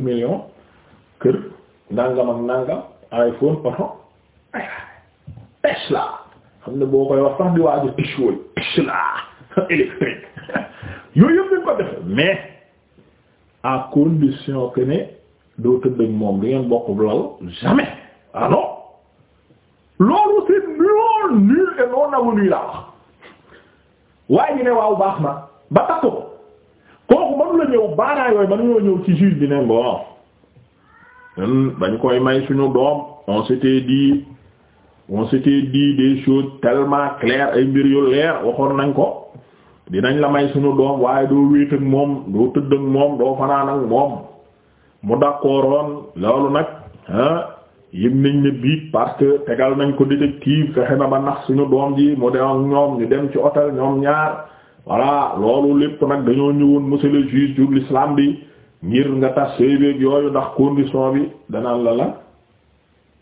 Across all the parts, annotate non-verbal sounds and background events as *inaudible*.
millions kër nangam ak nangam iPhone oto Tesla xam ne boo koy wax sax di waaju Tesla Tesla *laughs* électrique *laughs* yooyu yëpp dañ ko def mais à condition que ne doo tëdd ak moom du ngeen bokk lal jamais alors ah loolu c'est non nul et non avenu laa wax waaye ñu ne waaw baax na ba takk ko kooku mënu la ñëw baara yooyu mënu ñoo ñëw ci juge bi ne bon ñun dañ koy may suñu doom on s'était dit on s'était dit des choses tellement claires ay mbir yu leer waxoon nañ ko dinañ la may suñu doom waaye doo wéet ak moom doo tëdd moom doo fanaan moom mu d'accordoon loolu nag ah yëg nañ ne bii parce que tegal nañ ko détective fexe na ba nax suñu doom ji mu dem ak ñoom ñu dem ci hôtel ñoom ñaar. voilà loolu lépp nag dañoo ñëwoon monsieur le juge bi ngir nga tas sëy yooyu ndax condition bi danaan la la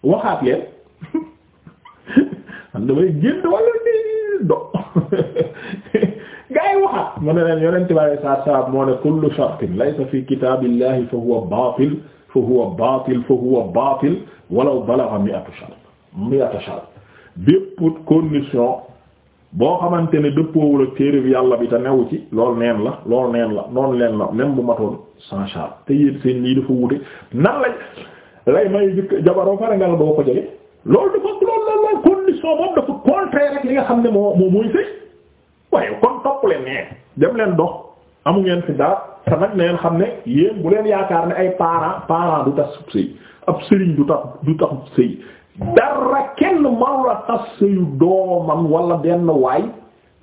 waxaat leen *laughs* man damay *laughs* waxaat mu ne leen yonent bi alayhi salaatu salaam moo ne kullu shartin laysa fi kitaabillahi fa huwa baatil fa huwa baatil fa huwa baatil walaw balagha mi'ata shart mi'ata shart bépp condition boo xamante ne dëppoowul ak téere bi yàlla bi te newu ci lool neen la loolu neen la noonu leen la même bu matoon sans charge te yéen seen lii dafa wute nan lañ lay may jëkk jabaroo fare nga la doo ko jege loolu dafa loolu loolu rek li nga xam ne moo moo mooy sëy waaye kon topp leen nee dem leen dox amu ngeen fi dara te nag neen xam ne yéen bu leen yaakaar ne ay parents parents du tax sëy ab sëriñ du tax du tax sëy dara kenn manu la tas sëyu doomam wala benn waay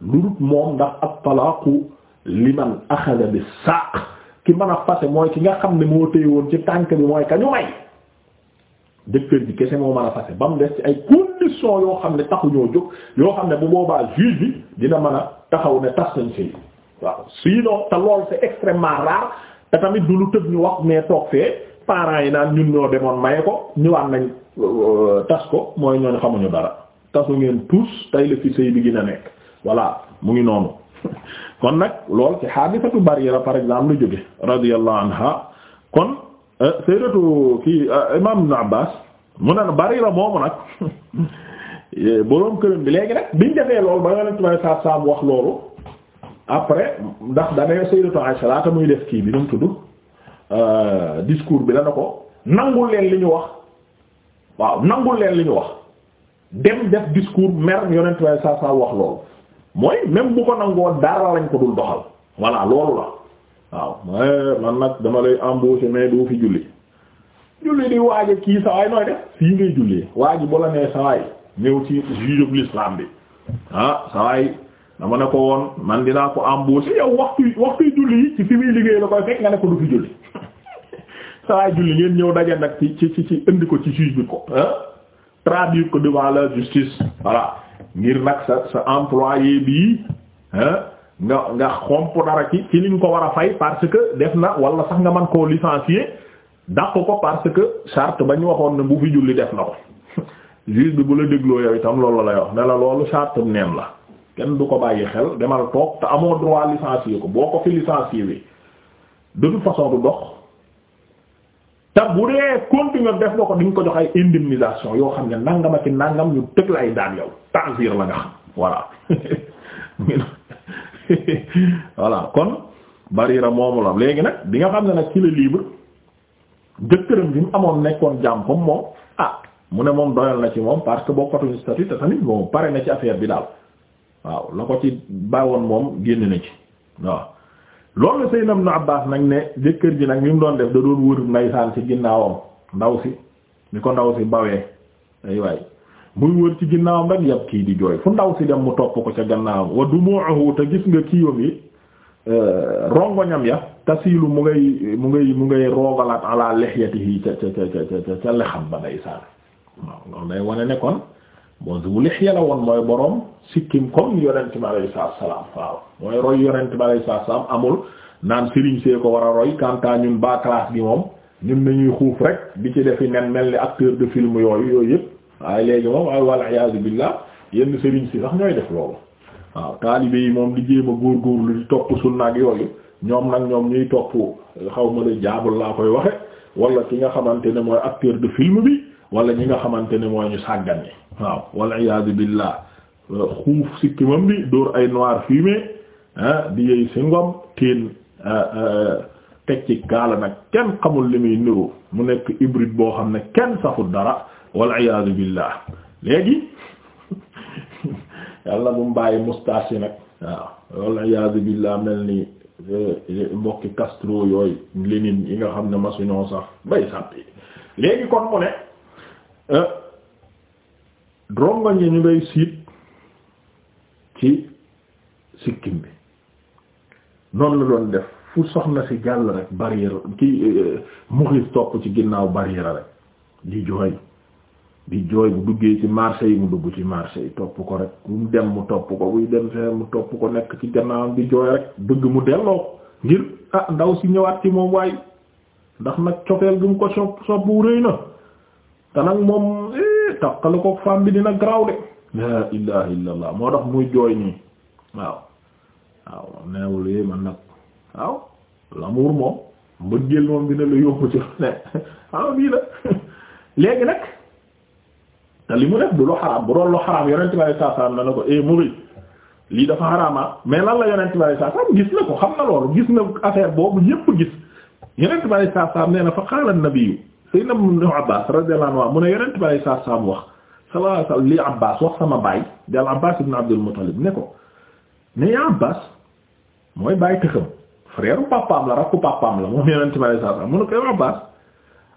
lu dul moom ndax at-talaaqu liman axada bi saaq ki mën a fase mooy ki nga xam ne moo téye woon ci tànk bi mooy ka ñu may jëkkër ji kese moo man a fase ba mu des ci ay conditions yoo xam ne taxu ñoo jóg yoo xam ne bu boobaa juge bi dina mën a taxaw ne tas nañ sëy waaw sinon te lool c'est extrêmement rare te tamit du lu tëb ñu wax mais toog fee parents yi naan ñun ñoo demoon maye ko ñëwaat nañ tas ko mooy ñooñ xamuñu dara tasu ngeen tous tay la fi sëy bi gën a nekk voilà mu ngi noonu *laughs* kon nag lool ci xaadisatu barira par exemple lu jóge radiyallahu anha kon euh, sayyidatu kii euh, imam ibn abbas mu ne barira moomu nag *laughs* boroom këram bi léegi nag biñ defee loolu ba yonent bi saa saam wax loolu ndax dana sayyidatu Aisha laata muy def kii bi nu mu tudd euh, discours bi la na ko nangul leen li ñu wax waaw nangul leen li ñu wax dem def discours mer yonent waaye saa saa wax loolu mooy même bu ko nangoo dara lañ ko dul doxal voilà loolu la waaw man nag dama lay embaucher mais doo fi julli julli di waaje kii sawaay nooy def fii ngay jullee waaji bu la nee sawaay ñëw ci juge de ah sawaay dama ne ko woon man dinaa ko embaucher yow waxtu waxtu julli yi ci fi muy liggéey la koy fekk nga ne ko du fi julli sawaay julli ngeen ñëw daje nag ci ci ci indi ko ci juge bi ko ah traduire ko devant la justice voilà ngir nag sa sa employé bi ah nga nga xomp dara ki ci li nga ko war a fay parce que def na wala sax nga mën koo licencier dàq ko parce que charte ba ñu waxoon ne bu fi julli def na ko *laughs* juge bi bu la dégloo yow itam loolu la lay wax ne la loolu neen la kenn du ko bàyyi xel demal toog te amoo droit licencier ko boo ko fi licencier bi de toute façon te bu dee continuer def nga ko di nga ko jox ay indemnisation yoo xam ne nangam ak nangam ñu tëgg la ay daan yow tanzir la nga xam voilà *laughs* voilà kon Barira moomu la léegi nag bi nga xam ne nag ci la libre jëkkëram bi mu amoon nekkoon jaam comme moom ah mu ne moom doyal na ci moom parce que bokkatuñu statut te tamit moom pare na ci affaire bi daal waaw la ko ci bawoon moom génn na ci waaw. loolu la Seydina Ibn Abbas nag ne jëkkër ji nag mi mu doon def da doon wër ndaysaan ci ginnaawam ndaw si ni ko ndaw si bawee ay waay muy wër ci ginnaawam rek yàpp kii di jooy fu ndaw si dem mu topp ko ca gannaawam wa dumu'uhu te gis nga kiiwam yi euh, rongoñam ya tasiilu mu ngay mu ngay mu ngay roogalaat ala lihyatihi ca ca ca ca ca ca lexam ba ndaysaan waaw loolu day wane ne bon zu lihya la woon mooy borom sikkim comme yonent bi alayhi salaam waaw mooy roy yonent bi alayhi salaam amul naan sëriñ see ko war a roy kanta ñun ba classe bi moom ñun nañuy xuuf rek di ci defi nen mel ni acteur de film yooyu yooyu yëpp waaye léegi moom ay wal iyaazu billah yenn sëriñ si sax ñooy def loolu waaw taalibe yi moom di jéem a góorgóorlu di topp sunna ak yooyu ñoom nag ñoom ñuy topp xaw ma la jaabul laa koy waxe wala ki nga xamante ne mooy acteur bi wala ñi nga xamante ni mooy ñu sàggan waaw walla iyaadu billah xuuf sikkimam bi dóor ay noir fumé ah di yey si ngom teen ah, ah, teg ci kaala nag kenn xamul li muy niru mu nekk hybride boo xam ne kenn safut dara wal iyaadu billah léegi *laughs* yàlla bu mu bàyyi moustache yi nag waaw wal iyaadu billah mel ni eh, mbokki Castro yooyu Lénine yi nga xam ne masuñoo sax bay sàppi léegi kon mu ne Eh? rongoñ yi ñu ngay siit ci sikkim bi noonu la doon def fu soxna si gàll rek barrière ki eh, muxis topp ci ginnaaw barrière rek di jooy di jooy bu duggee ci marché yi mu dugg ci marché yi topp ko rek mu dem mu topp ko buy dem fee mu topp ko nekk ci gannaawam di jooy rek bëgg mu delloo ngir ah ndaw si ñëwaat ci moom waaye ndax nag cofeel gi mu ko sopp sopp wu rëy na te nag moom eh, taqalu ko femme bi dina graw de la ilaha illallah moo tax muy jooy nii waaw waaw neewul yi man nag waaw l'amour moom mbëggeel moom dina ne waaw ah, bii la *laughs* léegi nag te li mu def lu xaraam ko eh, lii dafa xaraama ah. mais lan la yonent bari saa gis na ko xam na loolu gis na affaire boobu ñépp gis yonent bari saa nee na fa qaala an Seydina Ibnu Abbaas radiyallahu anhu mu ne yonent bi alayhi salaatu salaam wax sallallahu alayhi wa sallam li Abbaas wax sama baay di Abbaas ibn Abdul Muttalib ne ko ne yaa Abbaas mooy baay tëxam frère papaam la rakku papaam la moom yonent bi alayhi salaatu salaam mu ne ko yow Abbaas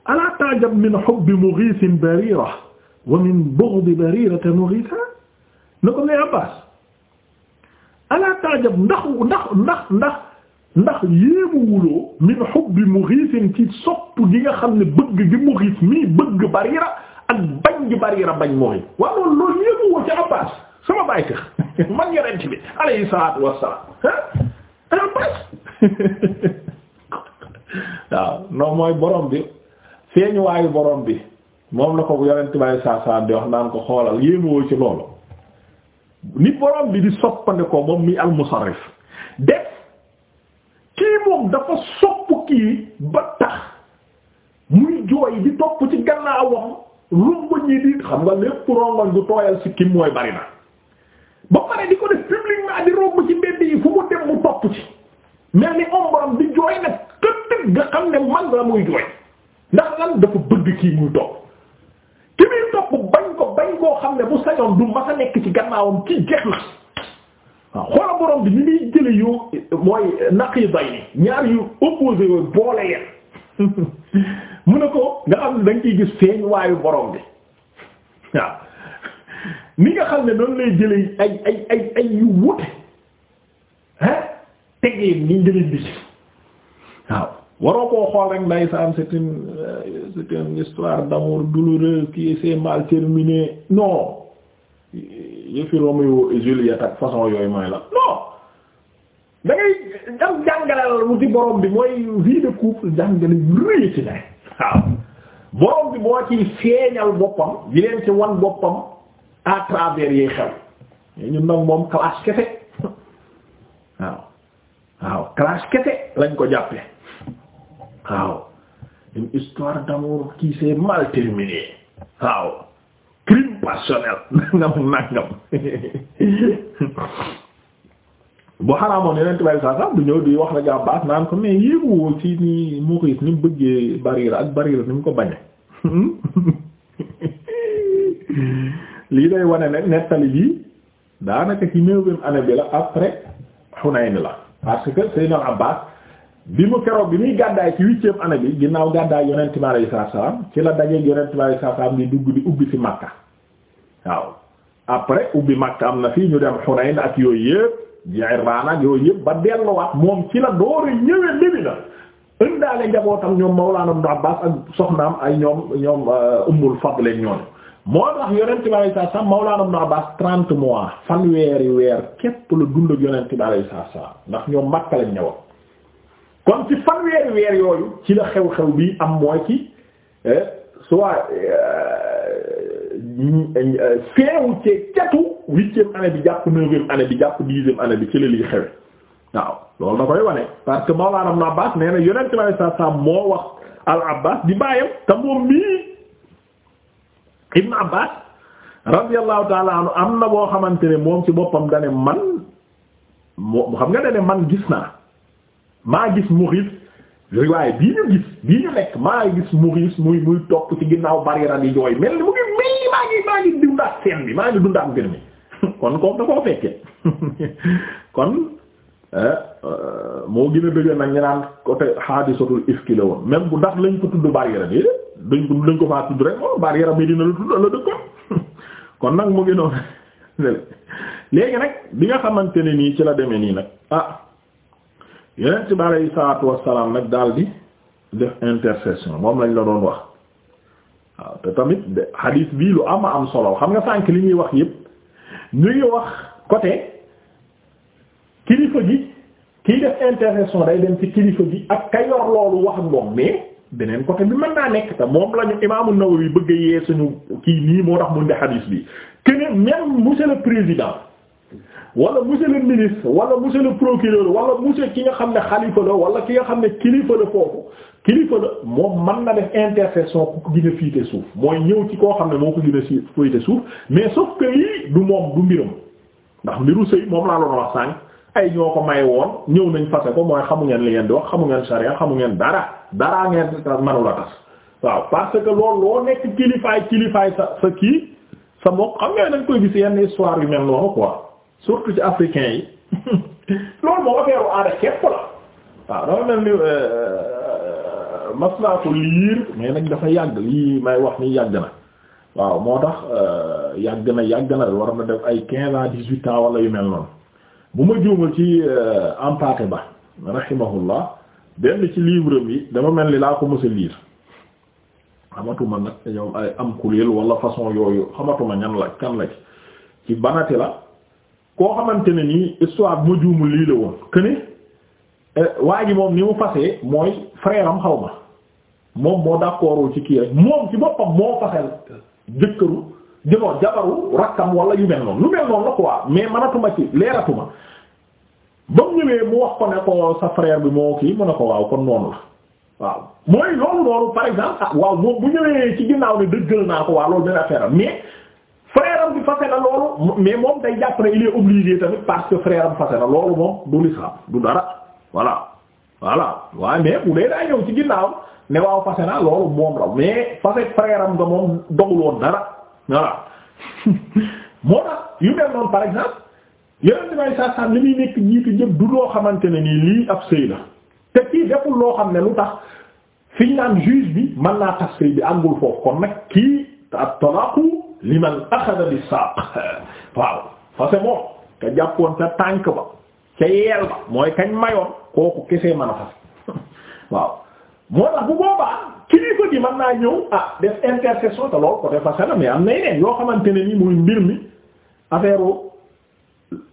alaa ta'jab min hubbi Mughiisin Bariira wa min bughdi Bariirata Mughiisan ne ko ne Abbaas alaa ta'jab ndax ndax ndax ndax ndax yéemu wuloo min hubbi Mughiis ci sopp gi nga xam ne bëgg gi Mughiis mii bëgg Bariira ak bañ gi Bariira bañ Mughiis waaw loolu loolu yéemu woo ci Abbaas sama baay tax *laughs* man yonent bi alayhi *laughs* mooy borom bi feeñu waayu borom bi la ko yonent bi saa saa di wax naan ko xoolal yéemu ci loolu ni borom bi di soppande ko moom mi al def kii moom dafa sopp kii ba tax muy jooy di topp ci gannaawam rongoñ yi di xam nga lépp rongoñ gu tooyal si kim mooy bari na ba pare di ko def publiquement di romb ci mbedd yi fu mu dem mu topp ci mel ni ombaram di jooy nag këtt nga xam ne man la muy jooy ndax lan dafa bëgg kii muy topp ki muy topp bañ ko bañ koo xam ne bu sañoon du masa nekk ci gannaawam kii jeex na waaw xoola borom bi ni muy jële yu mooy naqi bay ni ñaar yu opposé boole yeen *laughs* mu ne ko nga xam ne da nga gis feeñ waayu borom bi waaw ni nga xam ne noonu lay jële ay ay ay ay yu wute ah tegee ni njëliñ bi ci waaw waroo koo xool rek nday sa am c'est une euh, c'est une histoire d'amour douloureuse qui s'est mal terminée non yëfi Roméo et Juliette façon yooyu mooy la non da ngay am jàngalal mu ci borom bi mooy vie couple jàngale yu rëy ci ne waaw bi moo ci feeñal boppam di leen wan boppam à travers yiy xew ñun nag moom classe kese waaw waaw classe kese lañ ko jàppe waaw une histoire d'amour qui mal terminée waaw crime passionnel nangam *laughs* nangam bu xaraamoon yeneen tubaab saa sax du ñëw di wax la gaa baax naan ko mais yéeguwoo ci ni mu ko it ni bëggee bariira ak bariira ni mu ko bañe *laughs* lii day wane ne nettali bi daanaka ci neuvième année bi la après Hunayn la parce que Seydina Abbas bi mu keroog bi muy ci huitième année bi ginnaaw gàddaay yonent bi alayhi salaam ci la dajeeg yonent bi dugg di ubbi ci Makka waaw après ubbi Makka am na fii ñu dem Hunayn ak yooyu yëpp Ji'rana ak yooyu yëpp ba delluwaat moom ci la door a ñëwee Medina ëndaale njabootam ñoom Mawlana Ibn Abbas ak soxnaam ay ñoom ñoom uh, Ummul Fadl ñoom moo tax Yonent bi alayhi salaam Mawlana Ibn Abbas trente mois fanweeri weer képp la dund ak Yonent bi alayhi salaam ndax ñoom Makka lañ ñëwoon kon ci fanweeri weer yooyu ci la xew-xew bi am mooy ci eh, soit. Eh, feewu ci catu huitième année bi jàpp neuvième bi jàpp dixième année bi ci la lii waaw loolu da koy wane parce que Mawlana Ibn Abbas nee na yonent bi alayhi saa moo wax al Abbas di bàyyam te moom mii Ibn Abbas radiyallahu ta'ala am na boo xamante ne moom ci boppam dane man moo xam nga dane man gis naa maa gis Mughis riwaay bii ñu gis bii ñu nekk maa gis Mughis muy muy topp ci ginnaaw Barira di jooy mel ni mu ngi mel maa ngi dundaat seen bi maa ngi dundaat mbir mi *laughs* kon kooku da koo fekkee *laughs* kon eh, eh, moo gën a dëgër nag ñu naan côté xaadisatul ifki la woon même bu ndax lañ ko tudd barrière bi dañ ko dañ ko faa tudd rek oh, dina la *laughs* kon nag mu gënoon léegi nag bi nga xamante ne nii ci la demee nii nag ah yeneen ci bi aleyhi salaatu wassalaam nag daal di def intercession moom lañ la doon wax waaw te tamit hadith bii lu am am solo xam nga sànk li ñuy wax yépp ñu wax côté kilifa gi kiy def intervention day dem ci kilifa gi ak ka yor loolu wax moom mais beneen côté bi mën naa nekk te moom lañu imaamu Nawawi bëgg yee suñu kii nii moo tax mu indi hadith bi que ne même monsieur le président. wala monsieur le ministre wala monsieur le procureur wala monsieur ki nga xam ne xalifa la wala ki nga xam ne kilifa la foofu kilifa la moom man na def intercession ku ko gën a fiite suuf mooy ñëw ci koo xam ne moo ko gën a fiite suuf mais sauf que lii du moom du mbiram ndax mbiru sëy moom laa doon wax sànq ay ñoo ko may woon ñëw nañ fase ko mooy xamu ngeen li ngeen di wax xamu ngeen charia xamu ngeen dara daraa ngeen manula tas waaw parce que loolu loo nekk kilifaay sa sa kii sa mbokk xam nga dañ koy gis yenn histoire yu mel noonu surtout ci africain yi *laughs* loolu moo affaire aada képp la waaw dafa mel ni euh, euh, mas naa ko liir mais nag dafa yàgg lii may wax ni yàgg na waaw moo tax euh, yàgg na yàgg na war na def ay quinze à dix-huit ans wala yu mel noonu bu ma juumal ci empaté ba rahimahullah benn ci livre bi dama mel ni laa ko mës a liir xamatuma nag yow ay am kuréel wala façon yooyu xamatuma ñan la kan la ci banati la koo xamante ne nii histoire bu ma juumul lii la woon que ne euh, waa ji moom ni mu fasee mooy frère xaw ma moom moo d'accordul ci kii rek moom ci boppam moo fasel jëkkëru jëmoon jabaru rakkam wala yu mel noonu lu mel noonu la quoi mais manatuma ci leeratuma ba mu ñëwee mu wax ko ne ko sa frère bi moo kii mu ne ko waaw kon noonu la waaw mooy loolu loolu par exemple ah waaw moom bu ñëwee ci ginnaaw ne dëggal naa ko waa loolu benn affaire mais frère am bi fase na loolu mais moom day jàpp ne il est obligé tamit parce que frère am fase na loolu moom du l'islam du dara voilà voilà waaye mais bu dee daa ñëw ci ginnaaw ne waaw fase na loolu moom la mais fase frère am nga moom doguloon dara voilà *laughs* moo tax yu mel noonu par exemple yeneen di may sasam li muy nekk jiitu jëpp du loo xamante ne nii lii ab sëy la te kii deful loo xam ne lu tax fi naan juge bi mën naa tax sëy bi àngul foofu kon nag kii ab liman axada bi saaq waaw fase moom ka jàppoon ca tànk ba ca yeel ba mooy kañ mayoon kooku kesee mën a fase *laughs* waaw moo tax bu boobaa kilifa gi mën naa ñëw ah def intercession te loolu côté fase la mais am na yeneen yoo xamante ne ni muy mbir mi affaire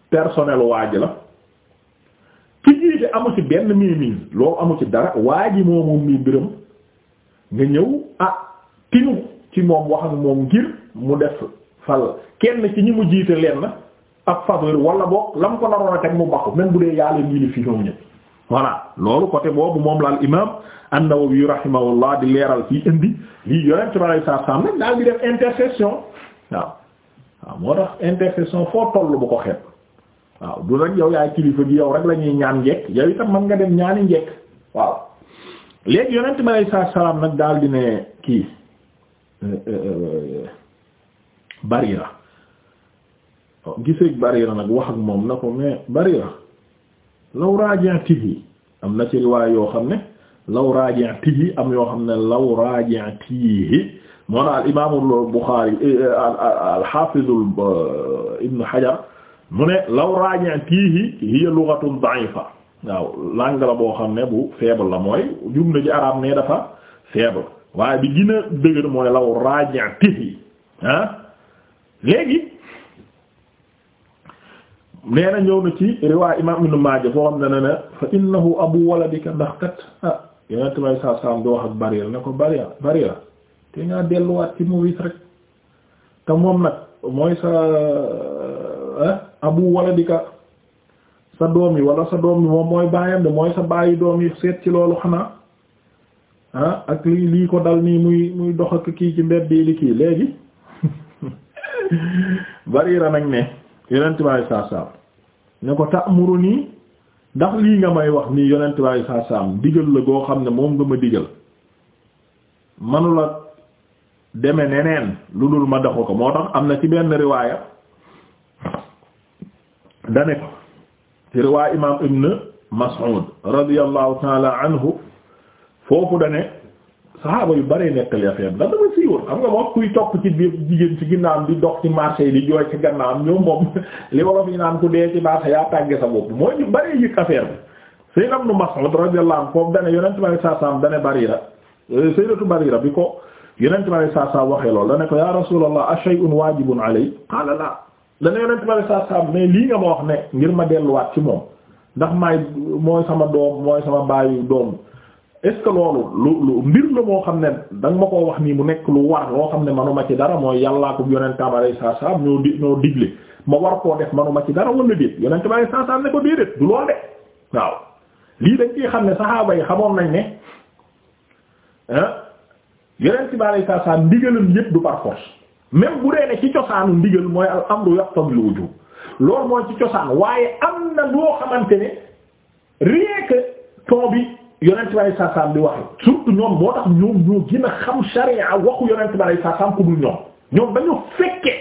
personnel waaj la ki jiite amu ci benn mii loolu amu ci dara waa moom mii mbiram nga ñëw ah tinu ci moom wax moom ngir mu def fal kenn ci ñi mu jiite leen ab faveur wala boog la mu ko naroon a teg mu baxu même bu dee yaa leen fi ñoom ñëpp voilà loolu côté boobu moom la al imam an-Nawawi rahimahullah di leeral fii indi lii yonent bi alayhi salaam nag daal di def intercession waaw waaw moo tax intercession foo toll bu ko xet waaw du rek yow yaay kilifa gi yow rek lañuy ñaan njekk yow itam mën nga dem ñaani njekk waaw léegi yonent bi alayhi salaam nag daal di ne kii euh, euh, euh, Barira giseeg Barira nag wax ak moom na ko mais Barira law raji'tihi am na ci riwaay yoo xam ne law raji'tihi am yoo xam ne law raji'tihi moo na al imaamul Buxaari al xaafizul euh, Ibn Hajar mu ne law raji'tihi hiya lughatun da'ifa waaw langue la boo xam ne bu faible la mooy jumla ji arabe ne dafa faible waaye bi gën dëgër mooy law raji'tihi ah léegi nee na ñëw na ci riwaay imam Ibn Maaja foo xam ne ne ne fa innahu abu waladika ndax kat ah yonent may saa saam di wax ak Bariira ne ko Bariira Bariira te ngaa delluwaat ci mu wis rek te moom nag mooy sa eh, abu waladika sa doom yi wala sa doom yi moom mooy baayam de mooy sa baayu doom yi seet ci loolu xanaa ah ak lii lii ko dal nii muy muy dox ak kii ci mbedd yi li kii léegi Barira nag ne yonent bi saa saam ne ko ndax lii nga may wax nii yonent bi saa saam digal la goo xam ne moom nga ma digal manula deme neneen lu dul ma daxu ko moo tax am na ci benn riwaaya dane ko ci riwaaya imaam ibn Mas'ud radiyallahu ta'ala anhu foofu dane saxaaba yu bëree nettali affaire bi ndax dama siiwoon xam nga moom kuy topp ci biir jigéen ci ginnaawam di dox ci marché yi di jooy ci am ñoom moom *laughs* li wolof yi naan ku dee ci marché yaa tàgge sa bopp mooy ñu bëree yëg affaire bi Sayyid Ibn Mas'ud radiyallahu anhu foofu dane yonent bi saa saam dane Barira euh, Sayyidatu Barira bi ko yonent bi saa saam waxee loolu dane ko ya Rasulullah ashay'un waajibun alay qaala la dane yonent bi saa saam lii nga ma wax ne ngir ma delluwaat ci moom ndax maay mooy sama doom mooy sama baayu doom est-ce que loolu lu lu mbir la moo xam ne da ma ko wax nii mu nekk lu war loo xam ne manuma ci dara mooy yàllaa ko yonentam alayhi salaam ñoo di ñoo digle ma war koo def manuma ci dara wala déet yonentam alayhi salaam ne ko déedéet du lool de waaw lii dañ ciy xam ne saxaaba yi xamoon nañ ne yonentam alayhi salaam ndigalam yépp du par force bu dee ne ci cosaanu ndigal mooy al amru yaqtabil wujub loolu mooy ci cosaan waaye am na loo xamante ne rien yonent bi saa saam di waxe surtout ñoom moo tax ñoom ñoo gën a xam sharia waxu yonent bi saa saam ku dul ñoom ñoom dañu fekke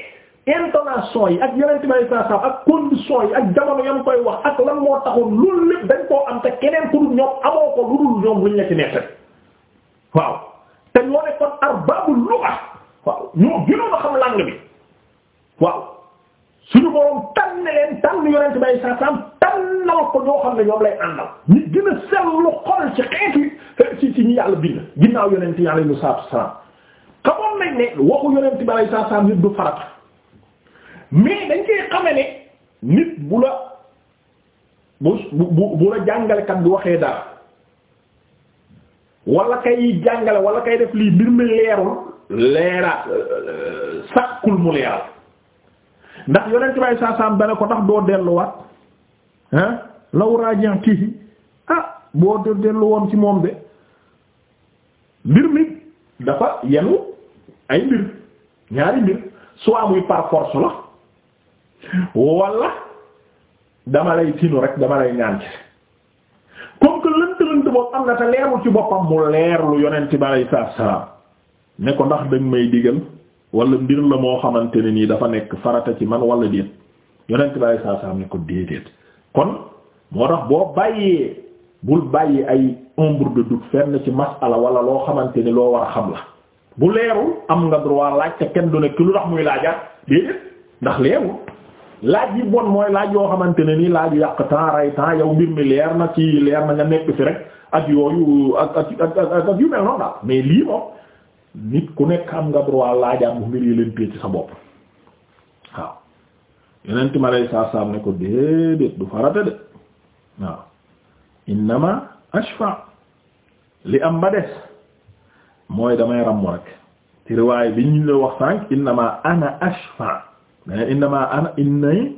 intonation yi ak yonent bi saa saam ak condition yi ak jamono yam koy wax ak lan moo taxoon loolu lépp dañ koo am te keneen ku dul ñoom amoo ko lu dul ñoom luñ la ci nekk waaw te ñoo ne kon arbabul lugha waaw ñoo gënoon a xam langue bi waaw suñu borom tànn leen tànn yonent bay sa sam tànnal ko ñoo xam ne ñoom lay àndal ñi gën a sellu xol ci xeeti ci ci ñi yàlla bind ginnaaw yonent yi alayhi salaatu salaam xamoon nañ ne waxu yonent bay sa sam nit du farata mais dañ koy xame ne nit bu la bu bu bu la jàngalekat bi waxee dara wala kay jàngale wala kay def lii mbir mi leerul leera euh, euh, sàkkul mu leeral ndax yonent bay saasaam dana ko ndax doo delluwaat ah law raji'tihi ah boo dellu woon ci moom de mbir mi dafa yenu ay mbir ñaari mbir soit muy par force la wala dama lay tinu rek dama lay ñaan ci comme que lënt lënt boobu am na te leerul ci boppam mu leer lu yonent bi ne ko ndax danga may digal wala mbir la moo xamante ne nii dafa nekk farata ci man wala déet yonent bi saa saa ne ko déedéet kon moo tax boo bàyyee bul bàyyi ay ombre de fenn ci masala wala loo xamante ni loo war a xam la bu leerul am nga droit laaj te kenn du nekk lu tax muy laajaat déedéet ndax leerul laaj yi bon mooy laaj yoo xamante ne nii laaj yàq temps ray temps yow mbir mi leer na ci leer na nga nekk fi rek ak yooyu ak ak ak ak yu mel noonu daal mais nit ku nekk am nga droit laajaat bu mbir yi leen téye ci sa bopp waaw yeneen ma lay saa saam ne ko déedéet du farata de waaw innama ashfa li am ba des mooy damay ràmmu rek ci riwaay bi ñu la wax sànq innama ana ashfa mais ana innay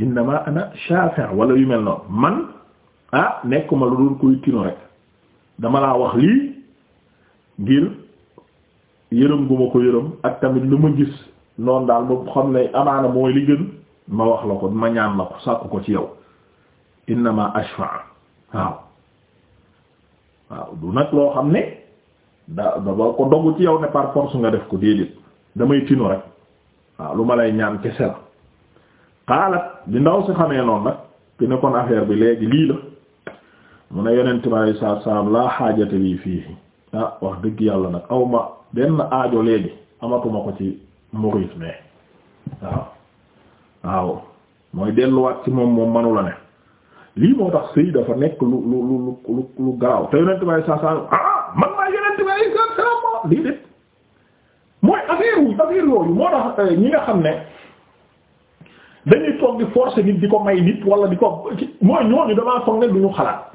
ana shafi' wala yu mel noonu man ah nekkuma lu dul koy tino rek dama laa wax lii ngir yërëm gu ma ko yërëm ak tamit lu ma gis noonu daal ba xam ne amaana mooy li gën ma wax la ko ma ñaan la ko sàkku ko ci yow innama ashfaa waaw waaw du nag loo xam ne da da ba ko dogu ci yow ne par force nga def ko déedéet damay tinu rek waaw lu ma lay ñaan kese la xaalat bi ndaw si xamee noonu nag ki ne kon affaire bi léegi lii la mu ne yonent bi sallallahu alayhi wasallam laa xaajate bi fii ah wax dëgg yàlla nag awma benn aajo léegi amatuma ko ci Maurice mais waaw waaw mooy delluwaat ci moom moom manu ne lii moo tax sëy dafa nekk lu lu lu lu lu gaaw te yonent bay saa saa ah man maa yonent bay saa saa lii de mooy affaire wu yooyu moo tax euh, ñi nga xam ne dañuy toog di forcer nit di ko may nit wala di ko mooy ñooñu damaa foog ne du ñu xalaat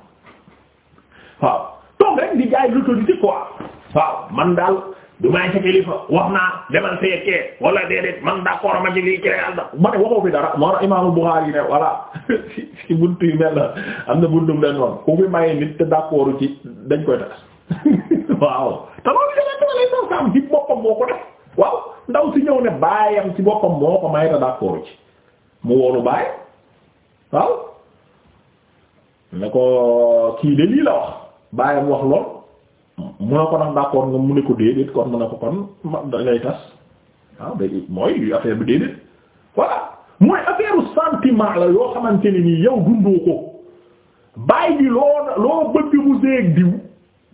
waaw moom rek di jaay l'autorité quoi waaw man daal du may ci kilifa wax naa demal fekkee wala déedéet man d'accord ma ci lii ci yàlla ma ne waxoo fi dara moo tax Imaamu Buxaari ne voilà si *laughs* si buntu yu mel am na buntu dañ woon ku fi maye nit te d'accord ci dañ koy tas *laughs* waaw te loolu yeneen dama lay doon saam ci boppam moo ko def waaw ndaw si ñëw ne baayam ci boppam moo ko may te d'accord ci mu woolu baay waaw ne ko ki de lii baayam wax lool mu ne ko ndax d'accord nga mu ne ko déedéet kon mu ne ko kon ma ngay tas waaw da mooy affaire bi déedéet voilà mooy affaire sentiment la yoo xamante ne nii yow dundoo ko baay bi loo loo bëgg mu seeg diw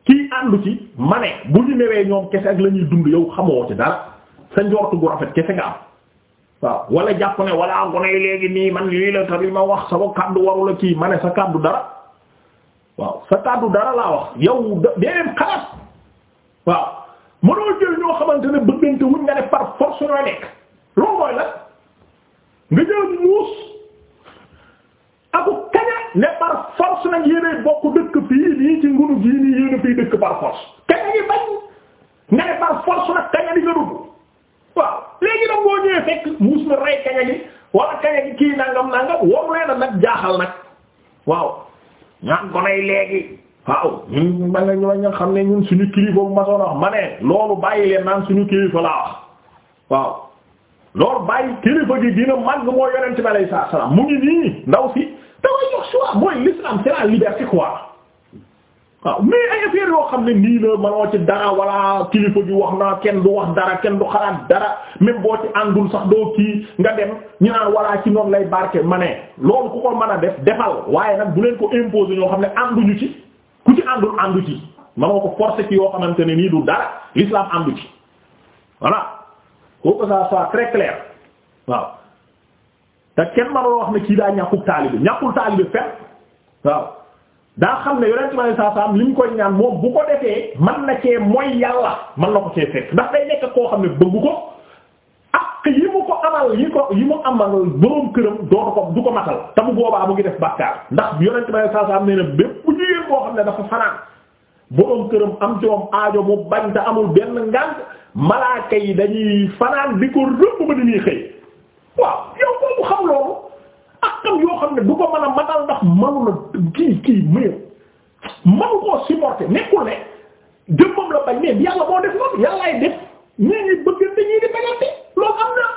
kii àndu ci ma ne bu ñu newee ñoom kese ak la dund yow xamoo ci dara sa njortu gu rafet kese nga am waaw wala jàpp ne wala gone léegi nii man lii la tamit ma wax sama kàddu warula kii ma ne sa kàddu dara waaw sa kàddu dara laa wax yow dee dem xalaat waaw mënoo jël ñoo xamante ne bëggante wuñ nga ne par force ñoo nekk loolu mooy la nga jël muus aku kaña ne par force nag yéenay bokk dëkk fii nii ci ngunu gii nii yéen a fiy dëkk par kaña ngi bañ nga ne par force kaña di nga dugg waaw léegi nag boo ñëwee fekk muus na rey kaña gi wala kaña gi kii nangam nangam waru leen nag jaaxal nag waaw ñaan gonay léegi waaw ñun ma nga ñoo nga xam ne ñun si kilifa bu ma soon wax ma ne loolu bàyyi leen naan suñu kilifa laa wax waaw loolu bàyyi kilifa gi dina mag moo yonent bi alayhi salaam mu ngi nii ndaw si dama jox choix mooy l'islam c'est la liberté quoi waaw mais ay affaire yoo xam ne nii la manoo ci dara wala kilifa bi wax naa kenn du wax dara kenn du xalaat dara même boo ci àndul sax doo kii nga dem ñu naan wala ci noonu lay barke ma ne loolu ku ko mën a def defal waaye nag bu leen ko imposer ñoo xam ne ànduñu ci ku ci àndul àndu ci manoo ko forcer ci yoo xamante ne nii du dara l'islam àndu ci voilà faut que ça très clair waaw te kenn manoo wax ne kii daa ñàkkul taalibe ñàkkul taalibe fet daa xam ne yonent bi saa saa am li ñu koy naan moom bu ko defee man na cee mooy yàlla man na ko cee fekk ndax day nekk koo xam ne bëggu ko ak yi mu ko amal yi ko yi mu amal boroom këram dootu ko du ko matal te bu boobaa mu ngi def bàkkaar ndax yonent bi saa saa am nee na bépp jigéen koo xam ne dafa fanaan boroom këram am ci aajo mu bañ te amul benn ngànt malaaka yi dañuy fanaan di ko rëbb ba di muy xëy waaw yow boobu xam loolu akam yoo xam ne du ko mën a matal ndax manu la kii kii maye manu koo supporter nekkul ne jëmmam la bañ mais yàlla boo def loolu yàllaay def ñii ñi bëgg dañuy di bañante loolu am na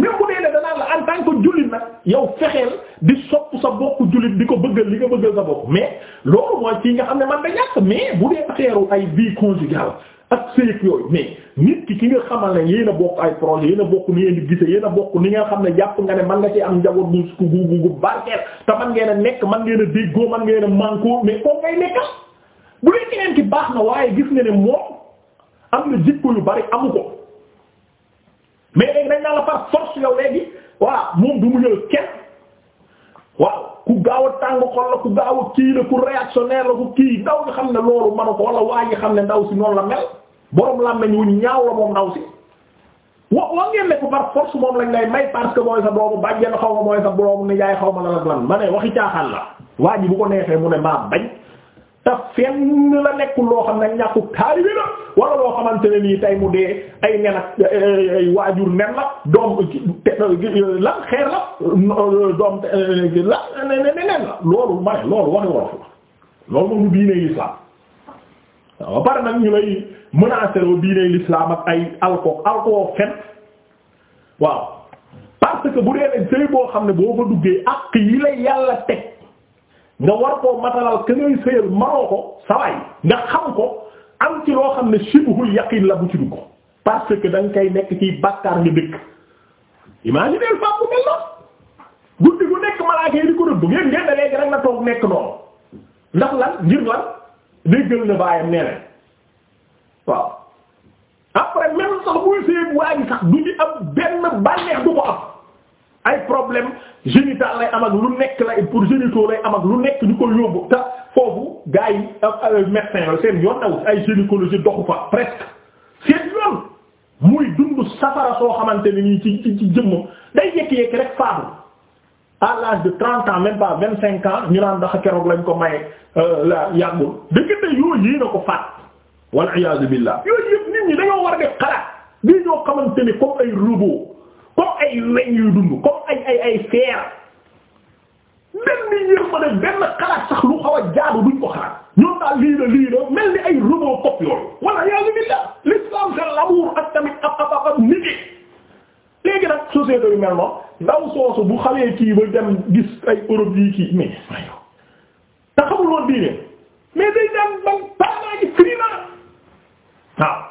même bu dee ne danaa la en tant que nag yow fexeel di sopp sa bokk jullit di ko bëggal li nga bëggal sa bopp mais loolu mooy ci nga xam ne man da ñàkk mais bu dee affaire ay vie conjugale ak sëyëg yooyu mais nit ki ki nga xamal ne yéen a bokk ay projet yéen bokk ni ngeen di gise yéen a bokk ni nga xam ne jàpp nga ne man nga ci am njaboot gu gu gu barkeel te man ngeen nekk man ngeen a déggoo man ngeen a mànkoo mais koo ngay nekka bu dee keneen ki baax na waaye gis nga ne moom am na jikko yu bari amu ko mais léegi dañ naa la par force yow léegi waa moom du mu jël kenn waaw ku gaaw a tàng xol la ku gaaw a kii la ku réactionnaire la ku kii ndaw nga xam ne loolu man ko wala waa yi xam ne ndaw si noonu la mel borom làmmeñ wu ñaaw la moom ndaw si wa wa ngeen ne par force moom lañ lay may parce que mooy sa doomu bàjjen xaw ma mooy sa borom ni yaay xaw ma lan ak lan ma ne waxi caaxaan la waa ji bu ko neexee mu ne maa bañ te fenn la nekkul loo xam ne ñàkku taalibi la loo xamante ne nii tey mu ay nen ak waajur la doom la xeer la doom la loolu ma loolu waxi wolof la loolu moom lu diine islam waaw ba pare nag ñu lay menacer wu diine ak ay alcool alcool fen waaw parce que bu dee ne sëy boo xam ne boo ko duggee ak yi la yàlla teg nga war koo matalal ka ngay sëyal maroo ko saway nga xam ko am ci loo xam ne shibhul yaqin la bu ci dugg da koy nekk ci bàkkaar nga dëkk imagineel guddi gu nekk malaaka ko rëbb ngeen ngeen da léegi rek la toog nekk noonu ndax lan ngir lan déggal na baayam nee na waaw après même sax muy séeb waa ji sax du di am benn bànneex du ko am ay problème génital lay am ak lu nekk lay pour génitaux lay am ak lu nekk ñu ko yóbbu te foofu gars yi médecin yooyu seen yoon aw ay gynécologie doxu fa presque seen yoon muy dund safara soo xamante ne nii ci ci jëmm day yekk-yekk rek faatu à l'âge de trente ans même pas ñu naan ndax keroog lañ ko maye euh, la yàggul dëggante yooyu yéen a ko faat wal iyaazu billah yooyu nit ñi dañoo war a def xalaat ñoo xamante ni comme ay robot comme ay weñ yu dund comme ay ay ay fer mel ni ma ne benn xalaat sax lu xaw a duñ ko xalaat ñoom daal lii la lii la mel ni ay robot cop yooyu wal iyaazu billah l'islam c'est l'amour ak tamit ab ab ab nit léegi nag société yu mel noonu ndaw soosu bu xawee kii ba dem gis ay Europe yi kii mais aywa te xamul diine mais day dem ban parlement yi firi na waaw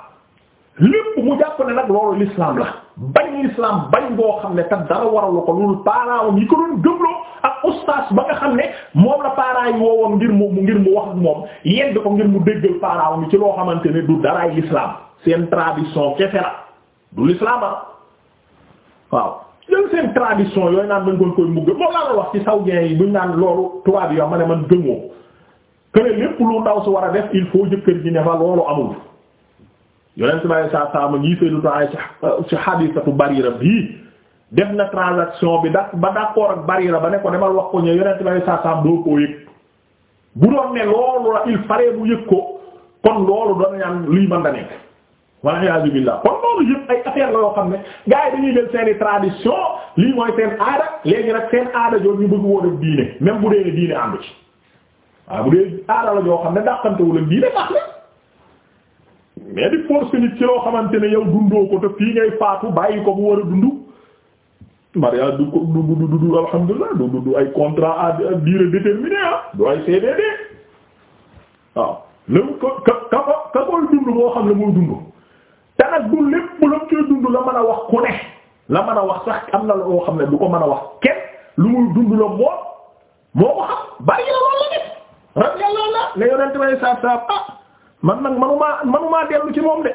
lépp mu jàpp ne nag loolu l'islam la bañ l'islam bañ boo xam ne te dara waralu ko loolu parents yi ko doon gëmloo ak ustaas ba nga xam ne moom la parents yi woowoon ngir mu ngir mu wax ak moom yedd ko ngir mu déggal parents yi ci loo xamante ne du daraay l'islam seen tradition kefe du l'islam ah. waaw jël seen tradition yooyu naan dañ koy koy mugg moo laa la wax ci saoudien yi buñ naan loolu tubaab yi ma ne man gëmoo kene lépp lu ndaw su war a def il faut jëkkër ji ne fa loolu amul yonent bi sallallahu alayhi wasallam ngi fay lu na transaction bi da ba d'accord ak Barira ba ne ko demal wax ko ñëw yonent bi sallallahu alayhi wasallam doo koo yëg bu doon ne loolu la il fallait bu yëg ko kon loolu doon ñaan luy mën da nekk waliyasu billah kon loolu yëpp ay affaire la yoo xam ne gars yi dañuy seeni tradition lii mooy seen aada léegi nag seen aada jooju ñu bëgg woon ak diine même bu dee diine àndu ci waaw bu dee aada la yoo xam ne dàqantewul ak diine tax la mais di force nit ci loo xamante ne yow dundoo ko te fii ngay faatu bàyyi ko bu war a dund mariage du ko du du du du ay contrat à durée déterminée ah du ay CDD waaw lëmu ka ka ka koy dund moo xam ne mooy dund te nag lépp la mën a wax ku ne la mën a wax sax am na loo xam ne du ko mën a wax kenn lu muy dund la moom moo ko xam bari na loolu la def rajo yàlla na ah man nag manumaa manumaa dellu ci moom de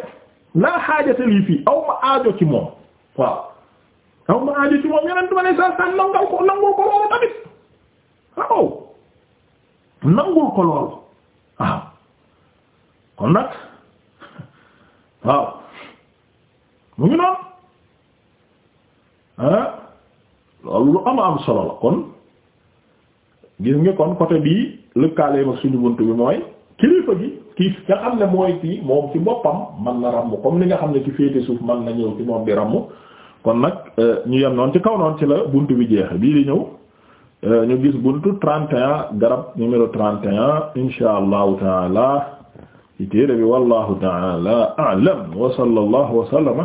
naa xaajate lii fii aw ma aajo ci moom waaw aw ma aajo ci moom yonent may saab saab nangal ko nangul ko loolu tamit waaw nangul ko loolu waaw kon nag waaw mu ngi noonu ah lu am am solo la kon gis nga kon côté bii lëkkaaleem ak suñu bunt bi mooy kilifa gi ki nga xam ne mooy kii moom ci boppam man na ràmm comme li nga xam ne ci féete suuf man na ñëw ci moom di ràmm kon nag euh, ñu yem noonu ci kaw noonu ci la bunt bi jeex bii di ñëw euh, ñu gis buntu 31 garab numéro 31 insha allahu taala ci téere bi wallahu taala a'lam wa sallallahu wa sallama